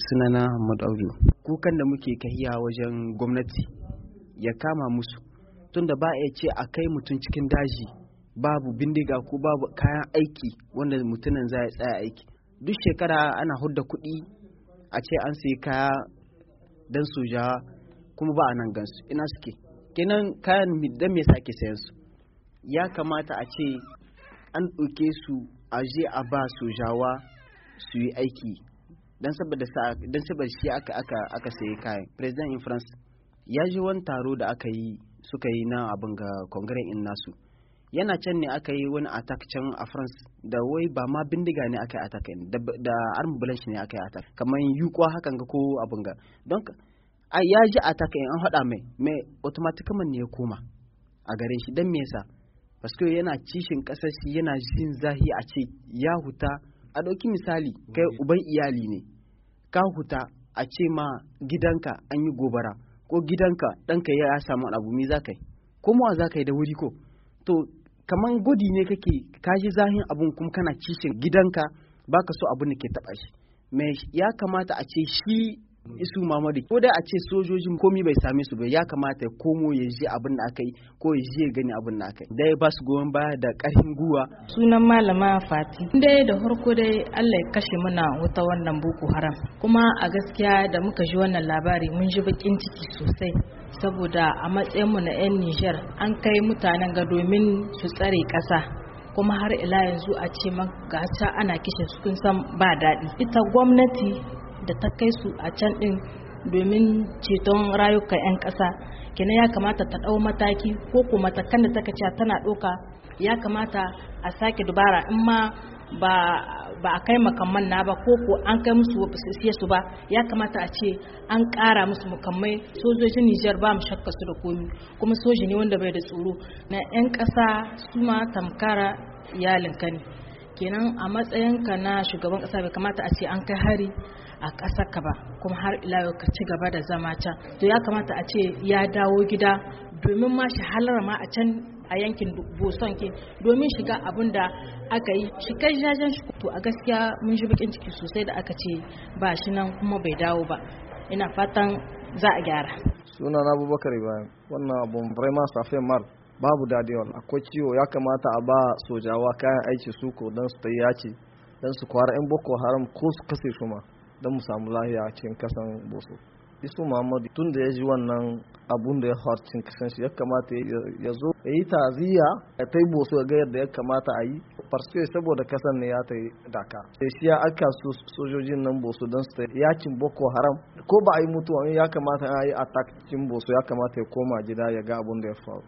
sunana Muhammad Audu kukan da muke kahiya wajen gwamnati ya kama musu tunda ba a ce a kai mutum cikin daji babu bindiga ko babu kayan aiki wanda mutumin za ya tsaya aiki duk shekara ana hudda kuɗi a ce an sayi kaya don sojawa kuma ba a nan gansu ina suke kenan kayan da me sake sayan su ya kamata a ce an ɗauke su a je a ba sojawa su yi aiki dan saboda dan saboda shi aka aka aka sayi kayan president in France ya ji wani taro da aka yi suka yi na abin ga congress in nasu yana can ne aka yi wani attack can a France da wai ba ma bindiga ne aka yi attack da, da arm blanche ne aka yi attack kamar yuko hakan ga ko abin ga don ai ya ji attack in an hada mai mai automatically ne ya koma a gare shi dan me yasa paske yana cishin kasar yana jin zahi a ce ya huta a ɗauki misali kai uban iyali ne ka huta a ce ma gidanka an yi gobara ko gidanka ɗanka ya samu abu me za ka yi komawa za ka yi da wuri ko to kaman gudi ne kake ka zahin abun kuma kana cishin gidanka baka so abun da ke taɓa shi me ya kamata a ce shi isu mamadi ko da a ce sojojin komi bai same su ba ya kamata ya komo ya je abin da aka yi ko ya je gani abin da aka yi dai ba su goyon baya da karhin guwa sunan malama fati dai da harko dai Allah ya kashe muna wuta wannan boko haram kuma a gaskiya da muka ji wannan labari mun ji bakin ciki sosai saboda a matsayin mu na 'yan Nijar an kai mutanen ga domin su tsare kasa kuma har ila yanzu a ce maka ana kishin su kun san ba daɗi ita gwamnati da ta kai su a can ɗin domin ceton rayuka 'yan ƙasa kenan ya kamata ta ɗau mataki ko kuma matakan da taka ce tana ɗoka ya kamata a sake dubara in ma ba ba a kai makamman na ba ko ko an kai musu siya su ba ya kamata a ce an ƙara musu makamai sojojin Nijar ba mu shakka su da komi kuma soji ne wanda bai da tsoro na 'yan ƙasa su ma tamkara iyalin ne kenan a matsayinka na shugaban kasa bai kamata a ce an kai hari a ƙasar ka ba kuma har ila yau ka ci gaba da zama can to ya kamata a ce ya dawo gida domin ma shi ma a can a yankin boson ke domin shiga abin da aka yi shi kai jajen shi to a gaskiya mun shi bakin ciki sosai da aka ce ba shi nan kuma bai dawo ba ina fatan za a gyara sunana abubakar ibrahim wannan abun vraiment ça babu daɗi wannan akwai ciwo ya kamata a ba sojawa kayan aiki su ko don su tayi yaki don su kwara yan boko haram ko su kase su ma don mu samu lahiya cikin kasan boso isu muhammadu tun da ya ji wannan abun da ya faru cikin kasan shi ya kamata ya zo ya yi taziya ya ta yi boso ga yadda ya kamata a yi farske saboda kasan ne ya ta yi daka sai shi ya aka su sojojin nan boso don su yakin boko haram ko ba a yi mutuwa ya kamata a yi attack cikin boso ya kamata ya koma gida ya ga abun da ya faru